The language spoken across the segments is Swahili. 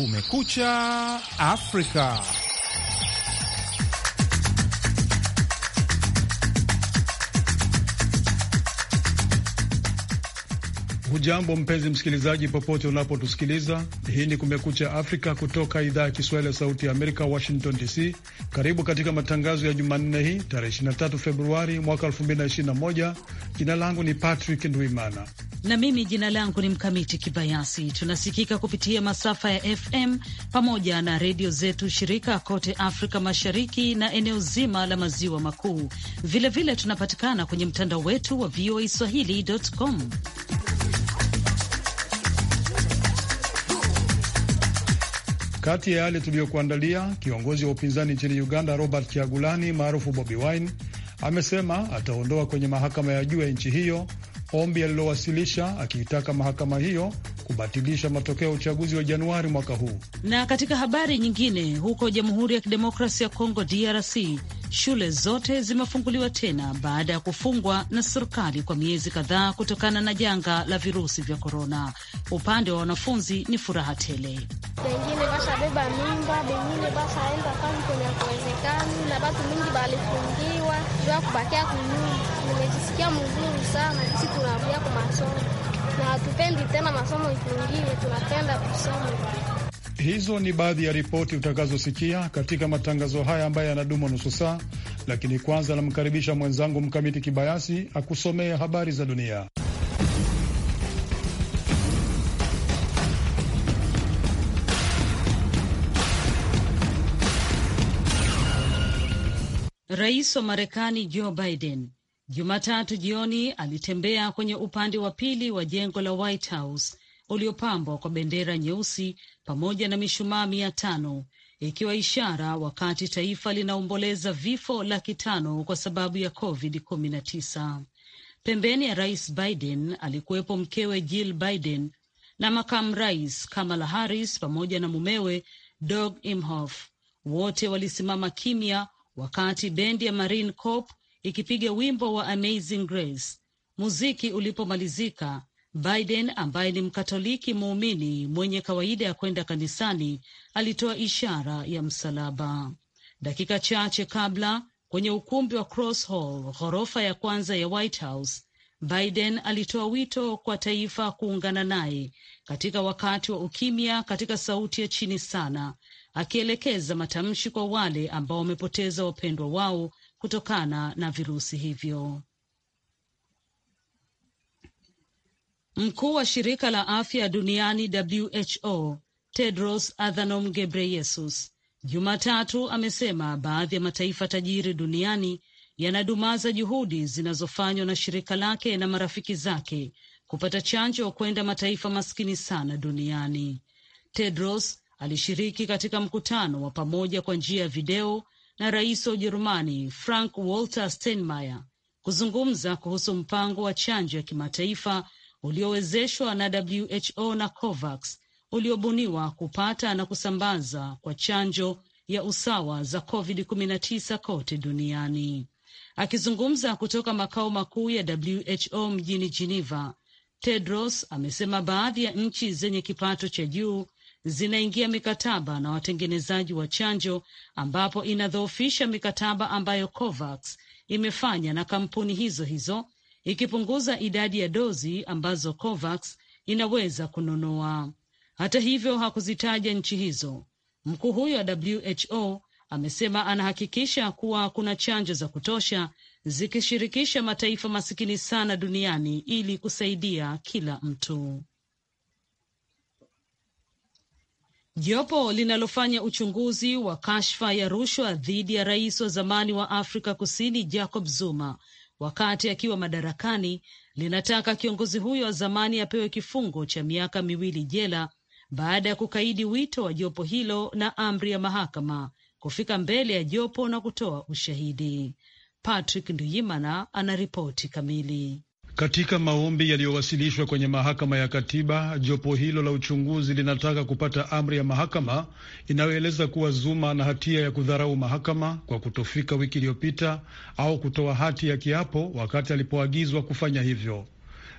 Kumekucha África. Hujambo mpenzi msikilizaji, popote unapotusikiliza. Hii ni Kumekucha Afrika kutoka idhaa ya Kiswahili ya Sauti ya Amerika, Washington DC. Karibu katika matangazo ya Jumanne hii tarehe 23 Februari mwaka 2021. Jina langu ni Patrick Ndwimana na mimi jina langu ni Mkamiti Kibayasi. Tunasikika kupitia masafa ya FM pamoja na redio zetu shirika kote Afrika Mashariki na eneo zima la Maziwa Makuu. Vilevile tunapatikana kwenye mtandao wetu wa VOA swahili.com. Kati ya yale tuliyokuandalia, kiongozi wa upinzani nchini Uganda Robert Kyagulanyi maarufu Bobi Wine amesema ataondoa kwenye mahakama ya juu ya nchi hiyo ombi alilowasilisha akiitaka mahakama hiyo kubatilisha matokeo ya uchaguzi wa Januari mwaka huu. Na katika habari nyingine, huko Jamhuri ya Kidemokrasi ya Kongo DRC Shule zote zimefunguliwa tena baada ya kufungwa na serikali kwa miezi kadhaa kutokana na janga la virusi vya korona. Upande wa wanafunzi ni furaha tele. Bengine bashabeba mimba, bengine bashaenda kazi kwenye kuwezekani, na batu mingi balifungiwa jua kubakia kunyuma. Nimejisikia mzuri sana, isi tunarudia kumasomo na hatupendi tena masomo ifungiwe, tunapenda kusoma. Hizo ni baadhi ya ripoti utakazosikia katika matangazo haya ambayo yanadumu nusu saa, lakini kwanza namkaribisha mwenzangu Mkamiti Kibayasi akusomee habari za dunia. Rais wa Marekani Joe Biden Jumatatu jioni alitembea kwenye upande wa pili wa jengo la White House uliopambwa kwa bendera nyeusi pamoja na mishumaa mia tano ikiwa ishara wakati taifa linaomboleza vifo laki tano kwa sababu ya COVID-19. Pembeni ya rais Biden alikuwepo mkewe Jill Biden na makamu rais Kamala Harris pamoja na mumewe Doug Imhoff. Wote walisimama kimya wakati bendi ya Marine Corps ikipiga wimbo wa Amazing Grace. Muziki ulipomalizika, Biden ambaye ni Mkatoliki muumini mwenye kawaida ya kwenda kanisani alitoa ishara ya msalaba dakika chache kabla kwenye ukumbi wa Cross Hall, ghorofa ya kwanza ya White House. Biden alitoa wito kwa taifa kuungana naye katika wakati wa ukimya, katika sauti ya chini sana, akielekeza matamshi kwa wale ambao wamepoteza wapendwa wao kutokana na virusi hivyo. Mkuu wa shirika la afya duniani WHO Tedros Adhanom Ghebreyesus Jumatatu amesema baadhi ya mataifa tajiri duniani yanadumaza juhudi zinazofanywa na shirika lake na marafiki zake kupata chanjo kwenda mataifa maskini sana duniani. Tedros alishiriki katika mkutano wa pamoja kwa njia ya video na rais wa Ujerumani Frank Walter Steinmeier kuzungumza kuhusu mpango wa chanjo ya kimataifa uliowezeshwa na WHO na COVAX uliobuniwa kupata na kusambaza kwa chanjo ya usawa za COVID-19 kote duniani. Akizungumza kutoka makao makuu ya WHO mjini Geneva, Tedros amesema baadhi ya nchi zenye kipato cha juu zinaingia mikataba na watengenezaji wa chanjo ambapo inadhoofisha mikataba ambayo COVAX imefanya na kampuni hizo hizo ikipunguza idadi ya dozi ambazo COVAX inaweza kununua. Hata hivyo, hakuzitaja nchi hizo. Mkuu huyo wa WHO amesema anahakikisha kuwa kuna chanjo za kutosha zikishirikisha mataifa masikini sana duniani ili kusaidia kila mtu. Jopo linalofanya uchunguzi wa kashfa ya rushwa dhidi ya rais wa zamani wa Afrika Kusini Jacob Zuma wakati akiwa madarakani linataka kiongozi huyo wa zamani apewe kifungo cha miaka miwili jela baada ya kukaidi wito wa jopo hilo na amri ya mahakama kufika mbele ya jopo na kutoa ushahidi. Patrick Nduyimana ana ripoti kamili. Katika maombi yaliyowasilishwa kwenye mahakama ya katiba, jopo hilo la uchunguzi linataka kupata amri ya mahakama inayoeleza kuwa Zuma ana hatia ya kudharau mahakama kwa kutofika wiki iliyopita au kutoa hati ya kiapo wakati alipoagizwa kufanya hivyo.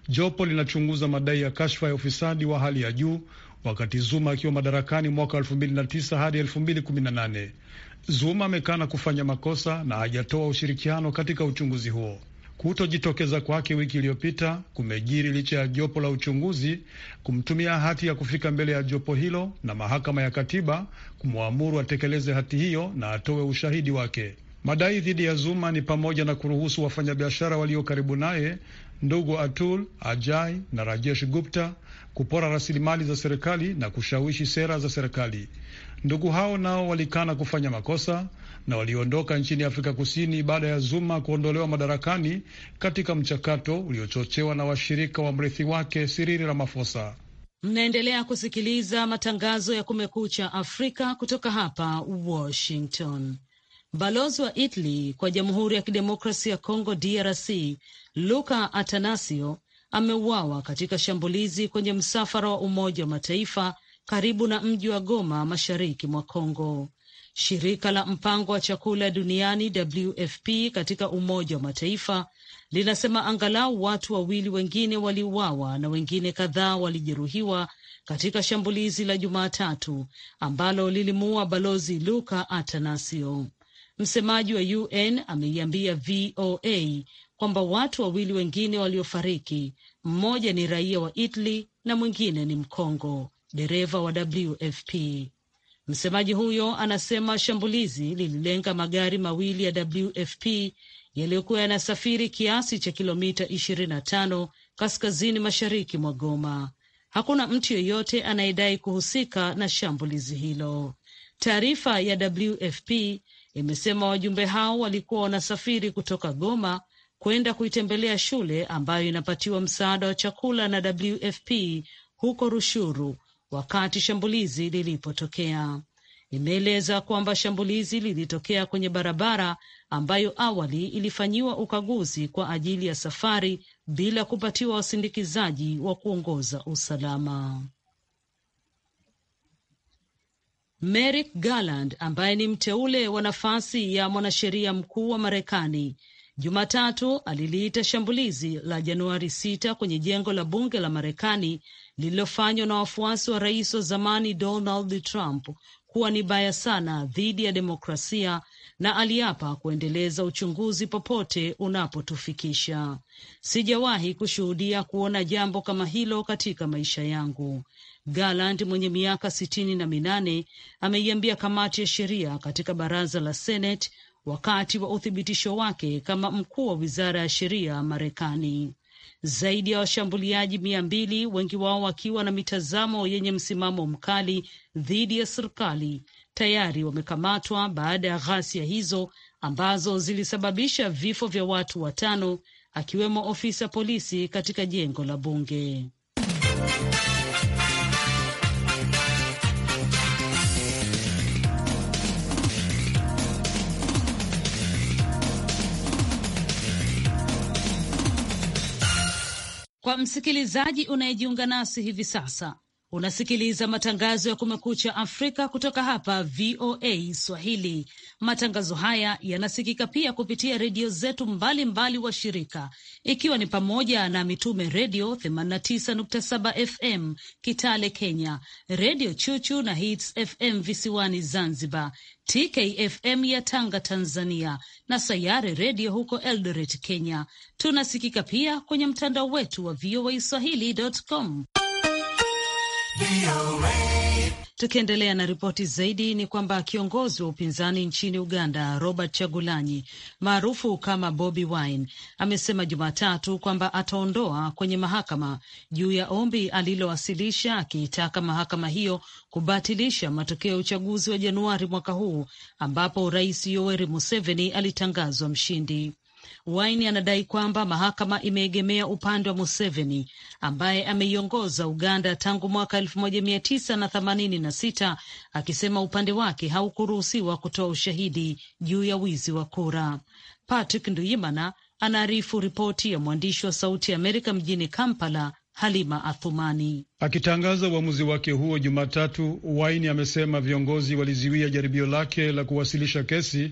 Jopo linachunguza madai ya kashfa ya ufisadi wa hali ya juu wakati Zuma akiwa madarakani mwaka 2009 hadi 2018. Zuma amekana kufanya makosa na hajatoa ushirikiano katika uchunguzi huo. Kutojitokeza kwake wiki iliyopita kumejiri licha ya jopo la uchunguzi kumtumia hati ya kufika mbele ya jopo hilo na mahakama ya katiba kumwamuru atekeleze hati hiyo na atoe ushahidi wake. Madai dhidi ya Zuma ni pamoja na kuruhusu wafanyabiashara walio karibu naye, ndugu Atul Ajai na Rajesh Gupta, kupora rasilimali za serikali na kushawishi sera za serikali. Ndugu hao nao walikana kufanya makosa na waliondoka nchini Afrika Kusini baada ya Zuma kuondolewa madarakani katika mchakato uliochochewa na washirika wa mrithi wake Cyril Ramaphosa. Mnaendelea kusikiliza matangazo ya Kumekucha Afrika kutoka hapa Washington. Balozi wa Italy kwa Jamhuri ya Kidemokrasi ya Kongo, DRC, Luca Atanasio ameuawa katika shambulizi kwenye msafara wa Umoja wa Mataifa karibu na mji wa Goma, mashariki mwa Kongo. Shirika la mpango wa chakula duniani WFP katika Umoja wa Mataifa linasema angalau watu wawili wengine waliuawa na wengine kadhaa walijeruhiwa katika shambulizi la Jumatatu ambalo lilimuua balozi Luka Atanasio. Msemaji wa UN ameiambia VOA kwamba watu wawili wengine waliofariki, mmoja ni raia wa Italy na mwingine ni Mkongo dereva wa WFP. Msemaji huyo anasema shambulizi lililenga magari mawili ya WFP yaliyokuwa yanasafiri kiasi cha kilomita 25 kaskazini mashariki mwa Goma. Hakuna mtu yeyote anayedai kuhusika na shambulizi hilo. Taarifa ya WFP imesema wajumbe hao walikuwa wanasafiri kutoka Goma kwenda kuitembelea shule ambayo inapatiwa msaada wa chakula na WFP huko Rushuru wakati shambulizi lilipotokea. Imeeleza kwamba shambulizi lilitokea kwenye barabara ambayo awali ilifanyiwa ukaguzi kwa ajili ya safari bila kupatiwa wasindikizaji wa kuongoza usalama. Merrick Garland ambaye ni mteule wa nafasi ya mwanasheria mkuu wa Marekani Jumatatu aliliita shambulizi la Januari sita kwenye jengo la bunge la Marekani lililofanywa na wafuasi wa rais wa zamani Donald Trump kuwa ni baya sana dhidi ya demokrasia na aliapa kuendeleza uchunguzi popote unapotufikisha. Sijawahi kushuhudia kuona jambo kama hilo katika maisha yangu. Garland mwenye miaka sitini na minane ameiambia kamati ya sheria katika baraza la Senate wakati wa uthibitisho wake kama mkuu wa wizara ya sheria Marekani. Zaidi ya washambuliaji mia mbili, wengi wao wakiwa na mitazamo yenye msimamo mkali dhidi ya serikali, tayari wamekamatwa baada ya ghasia hizo ambazo zilisababisha vifo vya watu watano, akiwemo ofisa polisi katika jengo la bunge. Kwa msikilizaji unayejiunga nasi hivi sasa, unasikiliza matangazo ya Kumekucha Afrika kutoka hapa VOA Swahili. Matangazo haya yanasikika pia kupitia redio zetu mbalimbali wa shirika ikiwa ni pamoja na Mitume Redio 89.7 FM Kitale Kenya, Redio Chuchu na Hits FM visiwani Zanzibar, TKFM ya Tanga, Tanzania na Sayare Redio huko Eldoret, Kenya. Tunasikika pia kwenye mtandao wetu wa VOA Swahili.com. Tukiendelea na ripoti zaidi ni kwamba kiongozi wa upinzani nchini Uganda Robert Chagulanyi maarufu kama Bobi Wine amesema Jumatatu kwamba ataondoa kwenye mahakama juu ya ombi alilowasilisha akiitaka mahakama hiyo kubatilisha matokeo ya uchaguzi wa Januari mwaka huu ambapo Rais Yoweri Museveni alitangazwa mshindi. Waini anadai kwamba mahakama imeegemea upande wa Museveni ambaye ameiongoza Uganda tangu mwaka elfu moja na sita akisema upande wake haukuruhusiwa kutoa ushahidi juu ya wizi wa kura. Patrick Nduyimana anaarifu ripoti ya mwandishi wa Sauti ya Amerika mjini Kampala, Halima Athumani. Akitangaza uamuzi wake huo Jumatatu, Waini amesema viongozi waliziwia jaribio lake la kuwasilisha kesi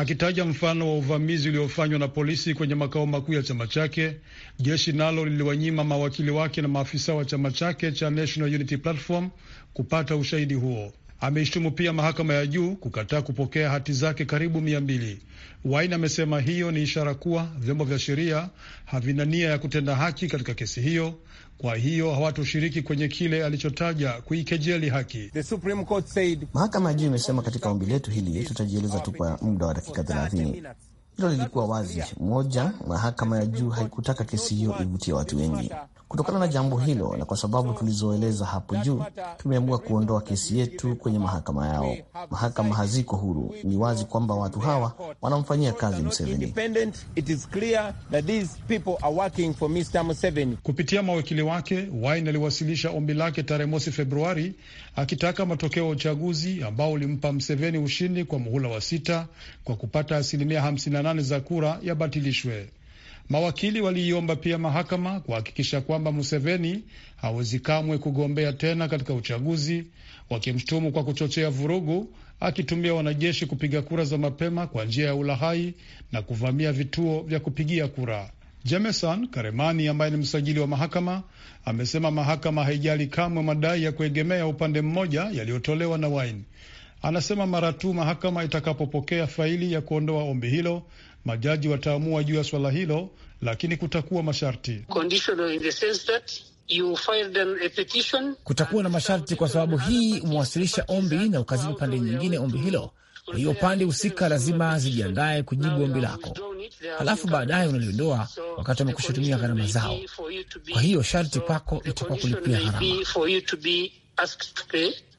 akitaja mfano wa uvamizi uliofanywa na polisi kwenye makao makuu ya chama chake. Jeshi nalo liliwanyima mawakili wake na maafisa wa chama chake cha National Unity Platform kupata ushahidi huo. Ameishtumu pia mahakama ya juu kukataa kupokea hati zake karibu mia mbili. Wain amesema hiyo ni ishara kuwa vyombo vya sheria havina nia ya kutenda haki katika kesi hiyo, kwa hiyo hawatoshiriki kwenye kile alichotaja kuikejeli haki. Mahakama ya juu imesema katika ombi letu hili tutajieleza tu kwa muda wa dakika thelathini. Hilo lilikuwa wazi. Moja, mahakama ya juu haikutaka kesi hiyo ivutie watu wengi. Kutokana na jambo hilo na kwa sababu tulizoeleza hapo juu, tumeamua kuondoa kesi yetu kwenye mahakama yao. Mahakama haziko huru. Ni wazi kwamba watu hawa wanamfanyia kazi Museveni. Kupitia mawakili wake, Wine aliwasilisha ombi lake tarehe mosi Februari akitaka matokeo ya uchaguzi ambao ulimpa Museveni ushindi kwa muhula wa sita kwa kupata asilimia 58 za kura yabatilishwe. Mawakili waliiomba pia mahakama kuhakikisha kwamba Museveni hawezi kamwe kugombea tena katika uchaguzi, wakimshutumu kwa kuchochea vurugu, akitumia wanajeshi kupiga kura za mapema kwa njia ya ulahai na kuvamia vituo vya kupigia kura. Jameson Karemani ambaye ni msajili wa mahakama amesema mahakama haijali kamwe madai ya kuegemea upande mmoja yaliyotolewa na Wine. Anasema mara tu mahakama itakapopokea faili ya kuondoa ombi hilo, Majaji wataamua juu ya swala hilo, lakini kutakuwa masharti. Kutakuwa na masharti, kwa sababu hii umewasilisha ombi na ukazibu pande nyingine ombi hilo. Kwa hiyo pande husika lazima zijiandaye kujibu ombi lako, halafu baadaye unaliondoa wakati wamekushutumia gharama zao. Kwa hiyo sharti kwako itakuwa kulipia gharama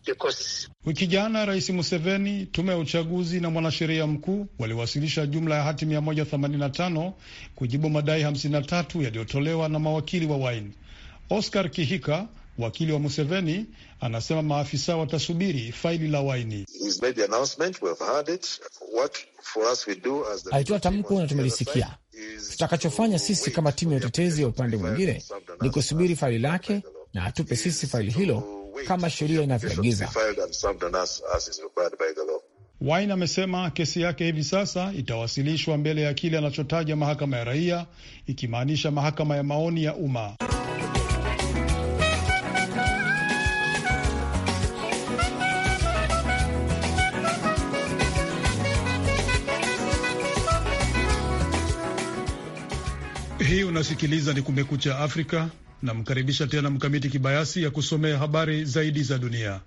vikosi. Wiki jana Rais Museveni, tume ya uchaguzi na mwanasheria mkuu waliwasilisha jumla ya hati 185 kujibu madai 53 yaliyotolewa na mawakili wa Wine. Oscar Kihika wakili wa Museveni anasema maafisa watasubiri faili la Waini. Alitoa tamko na tumelisikia. Tutakachofanya sisi kama timu ya utetezi ya upande mwingine ni kusubiri faili lake na atupe sisi faili hilo kama sheria inavyoagiza. Wine amesema kesi yake hivi sasa itawasilishwa mbele ya kile anachotaja mahakama ya raia, ikimaanisha mahakama ya maoni ya umma. hii unasikiliza ni Kumekucha Afrika. Namkaribisha tena Mkamiti Kibayasi ya kusomea habari zaidi za dunia.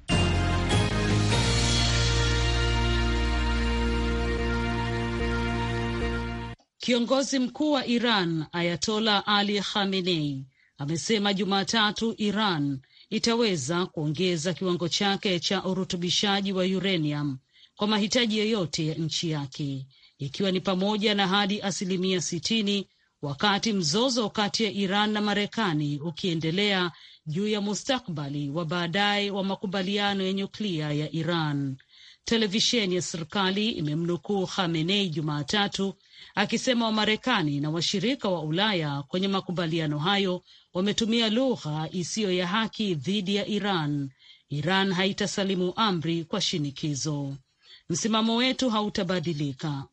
Kiongozi mkuu wa Iran Ayatola Ali Khamenei amesema Jumatatu Iran itaweza kuongeza kiwango chake cha urutubishaji wa uranium kwa mahitaji yoyote ya nchi yake, ikiwa ni pamoja na hadi asilimia sitini wakati mzozo kati ya Iran na Marekani ukiendelea juu ya mustakbali wa baadaye wa makubaliano ya nyuklia ya Iran. Televisheni ya serikali imemnukuu Khamenei Jumatatu akisema Wamarekani na washirika wa Ulaya kwenye makubaliano hayo wametumia lugha isiyo ya haki dhidi ya Iran. Iran haitasalimu amri kwa shinikizo. Msimamo wetu hautabadilika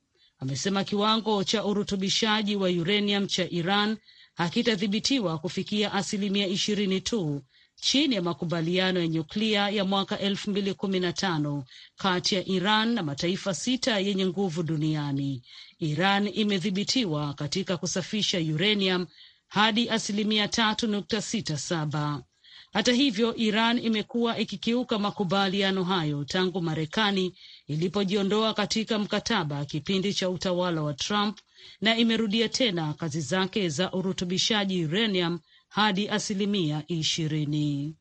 amesema kiwango cha urutubishaji wa uranium cha Iran hakitadhibitiwa kufikia asilimia ishirini tu chini ya makubaliano ya nyuklia ya mwaka elfu mbili kumi na tano kati ya Iran na mataifa sita yenye nguvu duniani. Iran imedhibitiwa katika kusafisha uranium hadi asilimia tatu nukta sita saba. Hata hivyo, Iran imekuwa ikikiuka makubaliano hayo tangu Marekani ilipojiondoa katika mkataba kipindi cha utawala wa Trump na imerudia tena kazi zake za urutubishaji uranium hadi asilimia ishirini.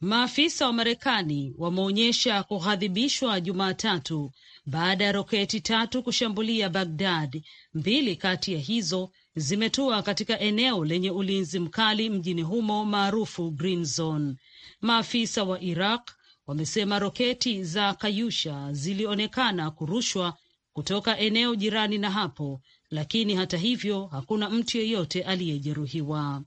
Maafisa wa Marekani wameonyesha kughadhibishwa Jumatatu baada ya roketi tatu kushambulia Bagdad, mbili kati ya hizo zimetua katika eneo lenye ulinzi mkali mjini humo maarufu Green Zone. Maafisa wa Iraq wamesema roketi za Kayusha zilionekana kurushwa kutoka eneo jirani na hapo, lakini hata hivyo hakuna mtu yeyote aliyejeruhiwa.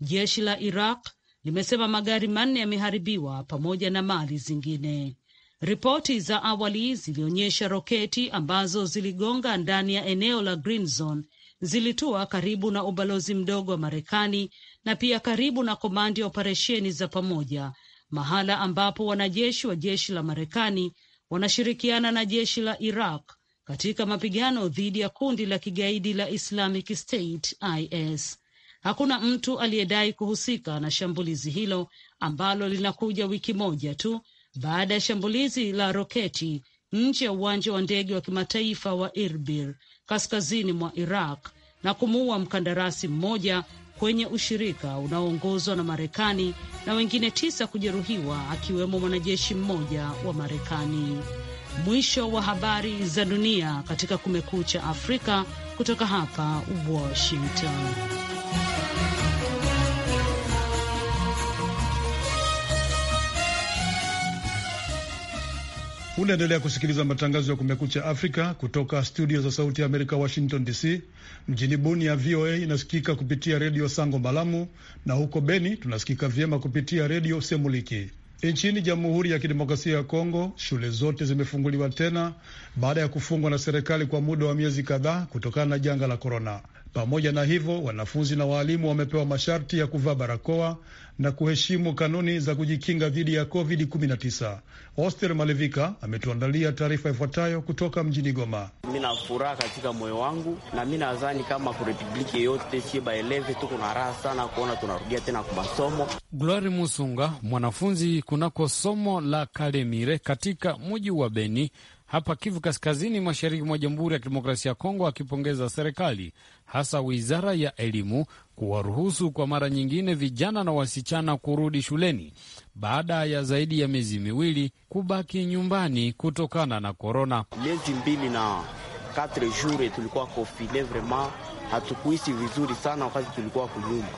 Jeshi la Iraq limesema magari manne yameharibiwa pamoja na mali zingine. Ripoti za awali zilionyesha roketi ambazo ziligonga ndani ya eneo la Green Zone zilitua karibu na ubalozi mdogo wa Marekani na pia karibu na komandi ya operesheni za pamoja, mahala ambapo wanajeshi wa jeshi la Marekani wanashirikiana na jeshi la Iraq katika mapigano dhidi ya kundi la kigaidi la Islamic State IS. Hakuna mtu aliyedai kuhusika na shambulizi hilo ambalo linakuja wiki moja tu baada ya shambulizi la roketi nje ya uwanja wa ndege wa kimataifa wa Irbil kaskazini mwa Iraq na kumuua mkandarasi mmoja kwenye ushirika unaoongozwa na Marekani na wengine tisa kujeruhiwa akiwemo mwanajeshi mmoja wa Marekani. Mwisho wa habari za dunia katika Kumekucha Afrika kutoka hapa Washington. Unaendelea kusikiliza matangazo ya Kumekucha Afrika kutoka studio za Sauti ya Amerika, Washington DC. Mjini Bunia, VOA inasikika kupitia redio Sango Malamu, na huko Beni tunasikika vyema kupitia redio Semuliki. Nchini Jamhuri ya Kidemokrasia ya Kongo, shule zote zimefunguliwa tena baada ya kufungwa na serikali kwa muda wa miezi kadhaa kutokana na janga la korona. Pamoja na hivyo, wanafunzi na waalimu wamepewa masharti ya kuvaa barakoa na kuheshimu kanuni za kujikinga dhidi ya COVID-19. Oster Malevika ametuandalia taarifa ifuatayo kutoka mjini Goma. Mi na furaha katika moyo wangu, na mi nadhani kama kurepubliki yeyote baeleve tuko na raha sana kuona tunarudia tena kwa masomo. Glory Musunga, mwanafunzi kunako somo la Kalemire katika muji wa Beni hapa Kivu Kaskazini, mashariki mwa Jamhuri ya Kidemokrasia ya Kongo, akipongeza serikali hasa wizara ya elimu kuwaruhusu kwa mara nyingine vijana na wasichana kurudi shuleni baada ya zaidi ya miezi miwili kubaki nyumbani kutokana na korona. Miezi mbili na katre jure tulikuwa kofile, vrema hatukuisi vizuri sana wakati tulikuwa kunyumba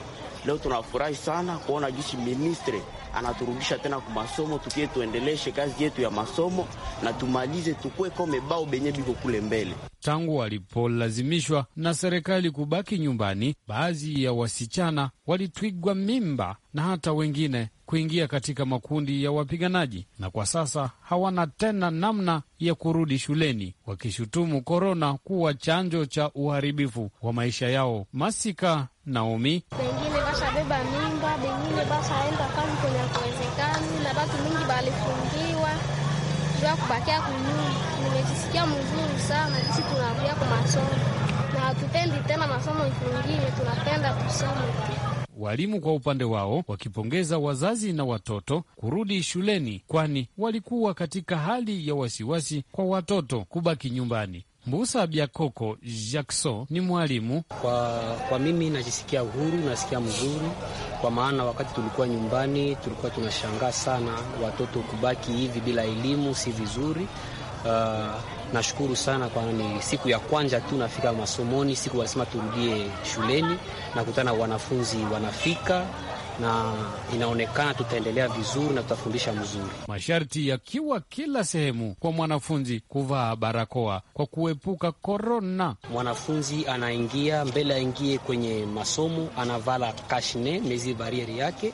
Leo tunafurahi sana kuona jinsi ministre anaturudisha tena kwa masomo, tukie tuendeleshe kazi yetu ya masomo na tumalize tukue kome bao benye biko kule mbele. Tangu walipolazimishwa na serikali kubaki nyumbani, baadhi ya wasichana walitwigwa mimba na hata wengine kuingia katika makundi ya wapiganaji na kwa sasa hawana tena namna ya kurudi shuleni, wakishutumu korona kuwa chanjo cha uharibifu wa maisha yao. Masika Naomi, bengine bashabeba mimba, bengine bashaenda kazi kwenye kuwezekani, na batu mingi balifungiwa jua kubakia kunyuma. Nimejisikia mzuri sana, sisi tunarudia kwa masomo na hatupendi tena masomo ifungiwe, tunapenda tusome walimu kwa upande wao wakipongeza wazazi na watoto kurudi shuleni, kwani walikuwa katika hali ya wasiwasi kwa watoto kubaki nyumbani. Mbusa Byakoko Jackson ni mwalimu. Kwa, kwa mimi najisikia uhuru, nasikia mzuri, kwa maana wakati tulikuwa nyumbani tulikuwa tunashangaa sana watoto kubaki hivi bila elimu, si vizuri. Uh, Nashukuru sana kwa ni siku ya kwanza tu nafika masomoni, siku walisema turudie shuleni, nakutana wanafunzi wanafika na inaonekana tutaendelea vizuri na tutafundisha mzuri, masharti yakiwa kila sehemu kwa mwanafunzi kuvaa barakoa kwa kuepuka korona. Mwanafunzi anaingia mbele, aingie kwenye masomo, anavala kashne mezi barieri yake,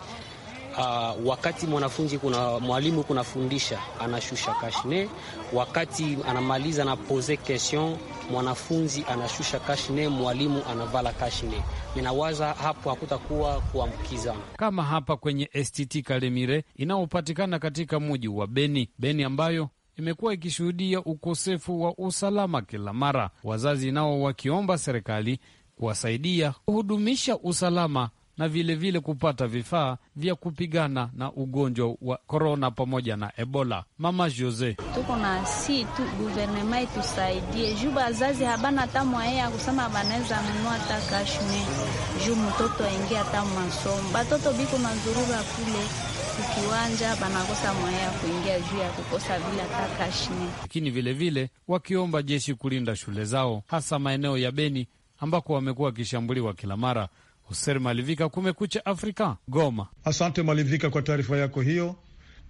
uh, wakati mwanafunzi kuna mwalimu kunafundisha anashusha kashne, wakati anamaliza na pose question mwanafunzi anashusha kashne, mwalimu anavala kashne. Ninawaza hapo hakutakuwa kuambukizana kama hapa kwenye STT Kalemire inayopatikana katika muji wa Beni, Beni ambayo imekuwa ikishuhudia ukosefu wa usalama kila mara, wazazi nao wakiomba serikali kuwasaidia kuhudumisha usalama na vilevile vile kupata vifaa vya kupigana na ugonjwa wa korona pamoja na Ebola. Mama Jose, tuko na si tu guvernema itusaidie juu bazazi habana hata mwaye ya kusema banaweza nunua hata kashme juu mtoto aingia hata masomo. Batoto biko nazurura kule kukiwanja banakosa mwaye ya kuingia juu ya kukosa vile hata kashme, lakini vilevile wakiomba jeshi kulinda shule zao hasa maeneo ya Beni ambako wamekuwa wakishambuliwa kila mara. Hoser Malivika, Kumekucha Afrika, Goma. Asante Malivika kwa taarifa yako hiyo.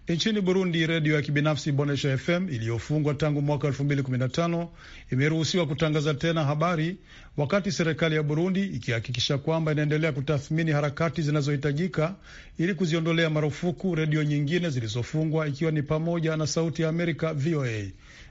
Nchini Burundi, redio ya kibinafsi Bonesha FM iliyofungwa tangu mwaka 2015 imeruhusiwa kutangaza tena habari, wakati serikali ya Burundi ikihakikisha kwamba inaendelea kutathmini harakati zinazohitajika ili kuziondolea marufuku redio nyingine zilizofungwa, ikiwa ni pamoja na Sauti ya Amerika, VOA.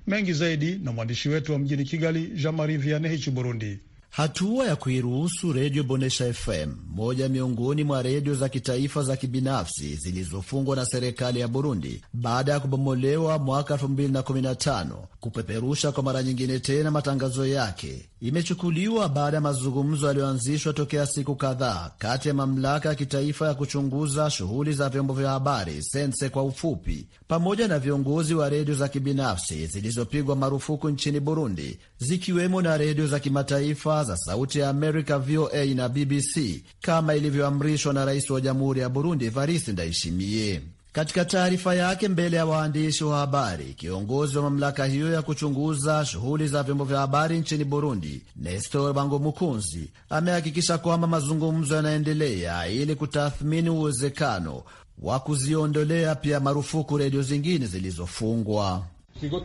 Mengi zaidi na mwandishi wetu wa mjini Kigali, Jean Marie Vianney Burundi. Hatua ya kuiruhusu redio Bonesha FM, moja miongoni mwa redio za kitaifa za kibinafsi zilizofungwa na serikali ya Burundi baada ya kubomolewa mwaka 2015 kupeperusha kwa mara nyingine tena matangazo yake, imechukuliwa baada ya mazungumzo yaliyoanzishwa tokea siku kadhaa kati ya mamlaka ya kitaifa ya kuchunguza shughuli za vyombo vya habari sense kwa ufupi, pamoja na viongozi wa redio za kibinafsi zilizopigwa marufuku nchini Burundi, zikiwemo na redio za kimataifa za Sauti ya Amerika VOA na BBC kama ilivyoamrishwa na rais wa Jamhuri ya Burundi Evariste Ndayishimiye. Katika taarifa yake mbele ya waandishi wa habari, kiongozi wa mamlaka hiyo ya kuchunguza shughuli za vyombo vya habari nchini Burundi, Nestor bango mukunzi amehakikisha kwamba mazungumzo yanaendelea ili kutathmini uwezekano wa kuziondolea pia marufuku redio zingine zilizofungwa.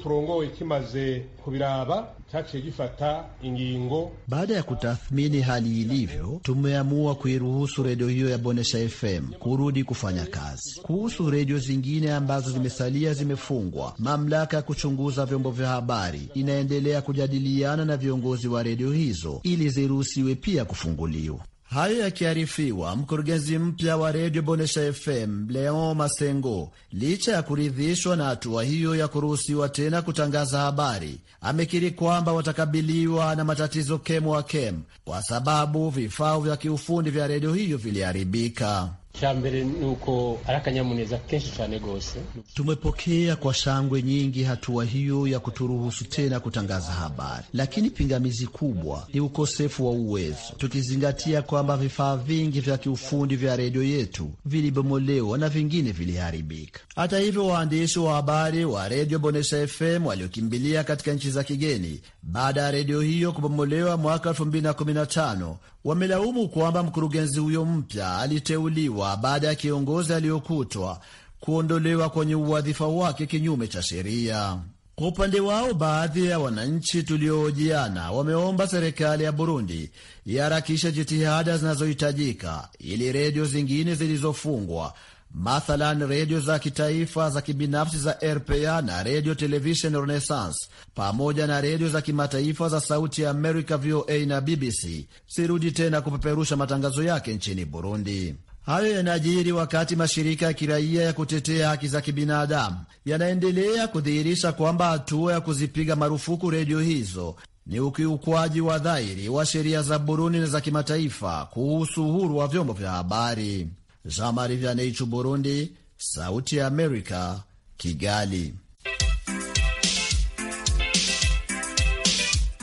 turongoye kimaze kubiraba baada ya kutathmini hali ilivyo, tumeamua kuiruhusu redio hiyo ya Bonesha FM kurudi kufanya kazi. Kuhusu redio zingine ambazo zimesalia zimefungwa, mamlaka ya kuchunguza vyombo vya habari inaendelea kujadiliana na viongozi wa redio hizo ili ziruhusiwe pia kufunguliwa. Hayo yakiarifiwa, mkurugenzi mpya wa redio Bonesha FM Leon Masengo, licha ya kuridhishwa na hatua hiyo ya kuruhusiwa tena kutangaza habari, amekiri kwamba watakabiliwa na matatizo kemwa kem, kwa sababu vifaa vya kiufundi vya redio hiyo viliharibika. Tumepokea kwa shangwe nyingi hatua hiyo ya kuturuhusu tena kutangaza habari, lakini pingamizi kubwa ni ukosefu wa uwezo, tukizingatia kwamba vifaa vingi vya kiufundi vya redio yetu vilibomolewa na vingine viliharibika. Hata hivyo, waandishi wa habari wa redio bonesa FM waliokimbilia katika nchi za kigeni baada ya redio hiyo kubomolewa mwaka 2015 wamelaumu kwamba mkurugenzi huyo mpya aliteuliwa kuachiliwa baada ya kiongozi aliyokutwa kuondolewa kwenye uwadhifa wake kinyume cha sheria. Kwa upande wao, baadhi ya wananchi tuliohojiana wameomba serikali ya Burundi iharakishe jitihada zinazohitajika ili redio zingine zilizofungwa mathalan redio za kitaifa za kibinafsi za RPA na redio Television Renaissance pamoja na redio za kimataifa za Sauti ya VOA na BBC zirudi tena kupeperusha matangazo yake nchini Burundi. Hayo yanajiri wakati mashirika ya kiraia ya kutetea haki za kibinadamu yanaendelea kudhihirisha kwamba hatua ya kuzipiga marufuku redio hizo ni ukiukwaji wa dhahiri wa sheria za Burundi na za kimataifa kuhusu uhuru wa vyombo vya habari. Jean Marie Vianney, Burundi, Sauti ya Amerika, Kigali.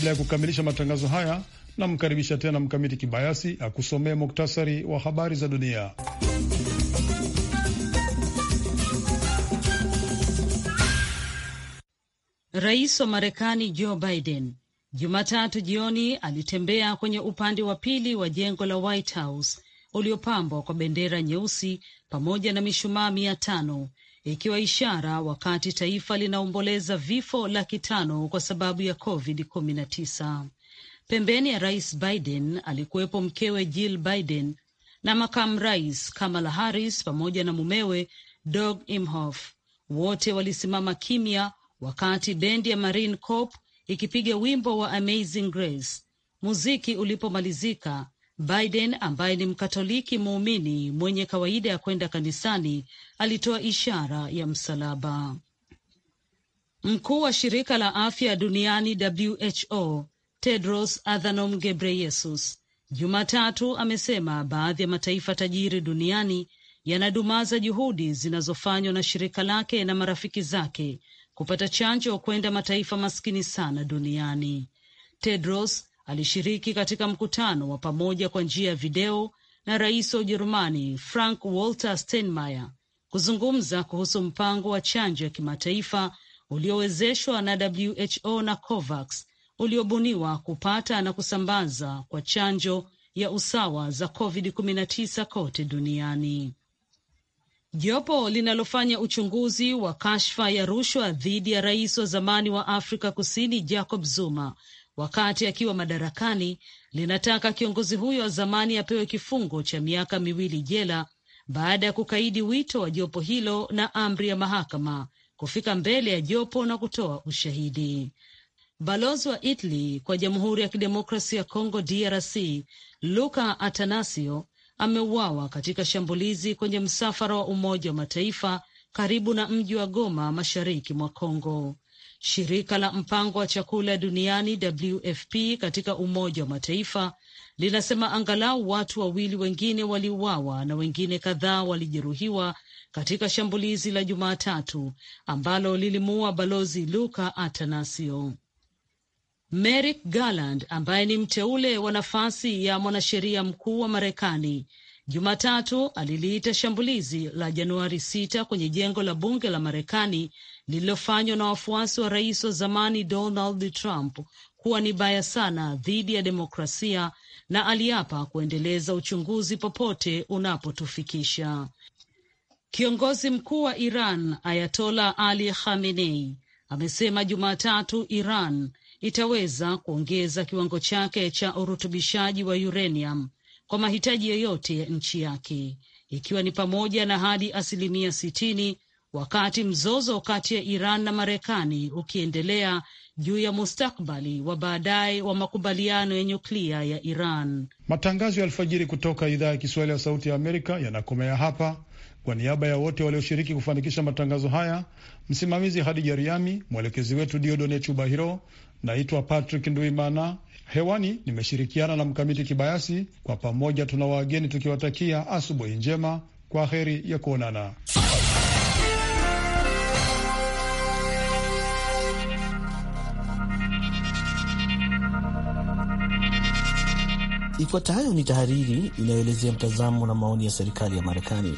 Kabla ya kukamilisha matangazo haya, namkaribisha tena Mkamiti Kibayasi akusomee muktasari wa habari za dunia. Rais wa Marekani Joe Biden Jumatatu jioni alitembea kwenye upande wa pili wa jengo la White House uliopambwa kwa bendera nyeusi pamoja na mishumaa mia tano ikiwa ishara wakati taifa linaomboleza vifo laki tano kwa sababu ya COVID-19. Pembeni ya Rais Biden alikuwepo mkewe Jill Biden na makamu rais Kamala Harris pamoja na mumewe Doug Imhoff. Wote walisimama kimya wakati bendi ya Marine Corps ikipiga wimbo wa Amazing Grace. Muziki ulipomalizika, Biden ambaye ni mkatoliki muumini mwenye kawaida ya kwenda kanisani alitoa ishara ya msalaba. Mkuu wa shirika la afya duniani WHO Tedros Adhanom Ghebreyesus Jumatatu amesema baadhi ya mataifa tajiri duniani yanadumaza juhudi zinazofanywa na shirika lake na marafiki zake kupata chanjo kwenda mataifa maskini sana duniani. Tedros alishiriki katika mkutano wa pamoja kwa njia ya video na rais wa Ujerumani Frank Walter Steinmeier kuzungumza kuhusu mpango wa chanjo ya kimataifa uliowezeshwa na WHO na COVAX uliobuniwa kupata na kusambaza kwa chanjo ya usawa za COVID-19 kote duniani. Jopo linalofanya uchunguzi wa kashfa ya rushwa dhidi ya rais wa zamani wa Afrika Kusini Jacob Zuma wakati akiwa madarakani linataka kiongozi huyo wa zamani apewe kifungo cha miaka miwili jela baada ya kukaidi wito wa jopo hilo na amri ya mahakama kufika mbele ya jopo na kutoa ushahidi. Balozi wa Italy kwa Jamhuri ya Kidemokrasi ya Kongo DRC luka Atanasio ameuawa katika shambulizi kwenye msafara wa Umoja wa Mataifa karibu na mji wa Goma mashariki mwa Kongo. Shirika la mpango wa chakula duniani WFP katika Umoja wa Mataifa linasema angalau watu wawili wengine waliuawa na wengine kadhaa walijeruhiwa katika shambulizi la Jumatatu ambalo lilimuua balozi Luka Atanasio. Merrick Garland ambaye ni mteule wa nafasi ya mwanasheria mkuu wa Marekani Jumatatu aliliita shambulizi la Januari 6 kwenye jengo la bunge la Marekani lililofanywa na wafuasi wa rais wa zamani Donald Trump kuwa ni baya sana dhidi ya demokrasia, na aliapa kuendeleza uchunguzi popote unapotufikisha. Kiongozi mkuu wa Iran Ayatola Ali Khamenei amesema Jumatatu Iran itaweza kuongeza kiwango chake cha urutubishaji wa uranium kwa mahitaji yoyote ya nchi yake, ikiwa ni pamoja na hadi asilimia sitini wakati mzozo kati ya Iran na Marekani ukiendelea juu ya mustakbali wa baadaye wa makubaliano ya nyuklia ya Iran. Matangazo ya alfajiri kutoka idhaa ya Kiswahili ya Sauti ya Amerika yanakomea hapa. Kwa niaba ya wote walioshiriki kufanikisha matangazo haya, msimamizi Hadija Riami, mwelekezi wetu Diodone Chubahiro. Naitwa Patrick Nduimana, hewani nimeshirikiana na Mkamiti Kibayasi. Kwa pamoja tuna wageni tukiwatakia asubuhi njema, kwa heri ya kuonana. Ifuatayo ni tahariri inayoelezea mtazamo na maoni ya serikali ya Marekani.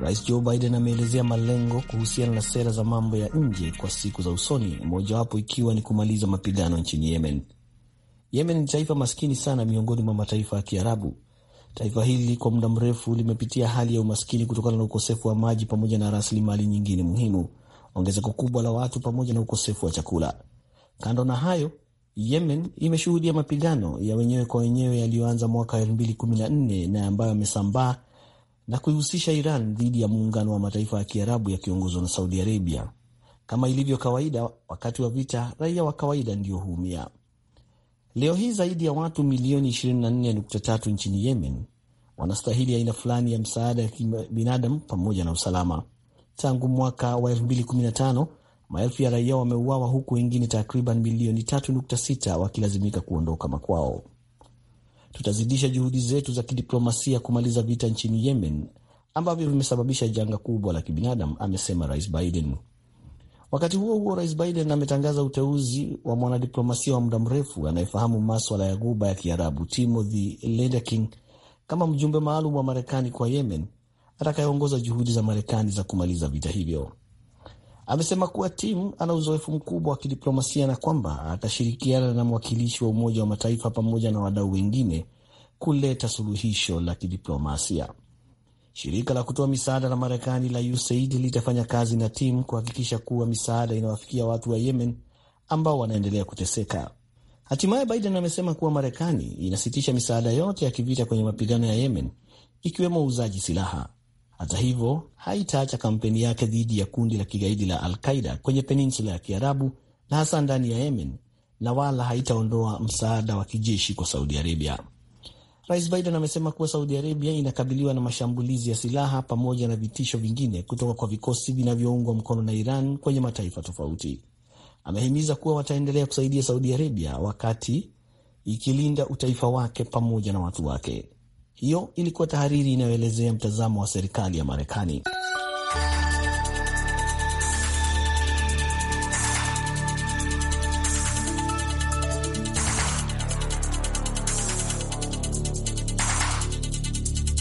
Rais Joe Biden ameelezea malengo kuhusiana na sera za mambo ya nje kwa siku za usoni, mojawapo ikiwa ni kumaliza mapigano nchini Yemen. Yemen ni taifa maskini sana miongoni mwa mataifa ya Kiarabu. Taifa hili kwa muda mrefu limepitia hali ya umaskini kutokana na ukosefu wa maji pamoja na rasilimali nyingine muhimu, ongezeko kubwa la watu pamoja na ukosefu wa chakula. Kando na hayo, Yemen imeshuhudia mapigano ya wenyewe kwa wenyewe yaliyoanza mwaka 2014 na ambayo yamesambaa na kuihusisha Iran dhidi ya muungano wa mataifa ya Kiarabu yakiongozwa na Saudi Arabia. Kama ilivyo kawaida wakati wa vita, raia wa kawaida ndio huumia. Leo hii zaidi ya watu milioni 24.3 nchini Yemen wanastahili aina fulani ya msaada ya kibinadamu pamoja na usalama. Tangu mwaka wa maelfu ya raia wameuawa huku wengine takriban milioni 3.6 wakilazimika kuondoka makwao. Tutazidisha juhudi zetu za kidiplomasia kumaliza vita nchini Yemen ambavyo vimesababisha janga kubwa la kibinadamu, amesema Rais Biden. Wakati huo huo, Rais Biden ametangaza uteuzi wa mwanadiplomasia wa muda mrefu anayefahamu maswala ya Ghuba ya Kiarabu, Timothy Lenderking, kama mjumbe maalum wa Marekani kwa Yemen atakayeongoza juhudi za Marekani za kumaliza vita hivyo. Amesema kuwa Tim ana uzoefu mkubwa wa kidiplomasia na kwamba atashirikiana na mwakilishi wa Umoja wa Mataifa pamoja na wadau wengine kuleta suluhisho la kidiplomasia. Shirika la kutoa misaada la Marekani la USAID litafanya kazi na Tim kuhakikisha kuwa misaada inawafikia watu wa Yemen ambao wanaendelea kuteseka. Hatimaye Biden amesema kuwa Marekani inasitisha misaada yote ya kivita kwenye mapigano ya Yemen, ikiwemo uuzaji silaha. Hata hivyo, haitaacha kampeni yake dhidi ya kundi la kigaidi la Al-Qaida kwenye peninsula ya Kiarabu na hasa ndani ya Yemen, na wala haitaondoa msaada wa kijeshi kwa Saudi Arabia. Rais Biden amesema kuwa Saudi Arabia inakabiliwa na mashambulizi ya silaha pamoja na vitisho vingine kutoka kwa vikosi vinavyoungwa mkono na Iran kwenye mataifa tofauti. Amehimiza kuwa wataendelea kusaidia Saudi Arabia wakati ikilinda utaifa wake pamoja na watu wake. Hiyo ilikuwa tahariri inayoelezea mtazamo wa serikali ya Marekani.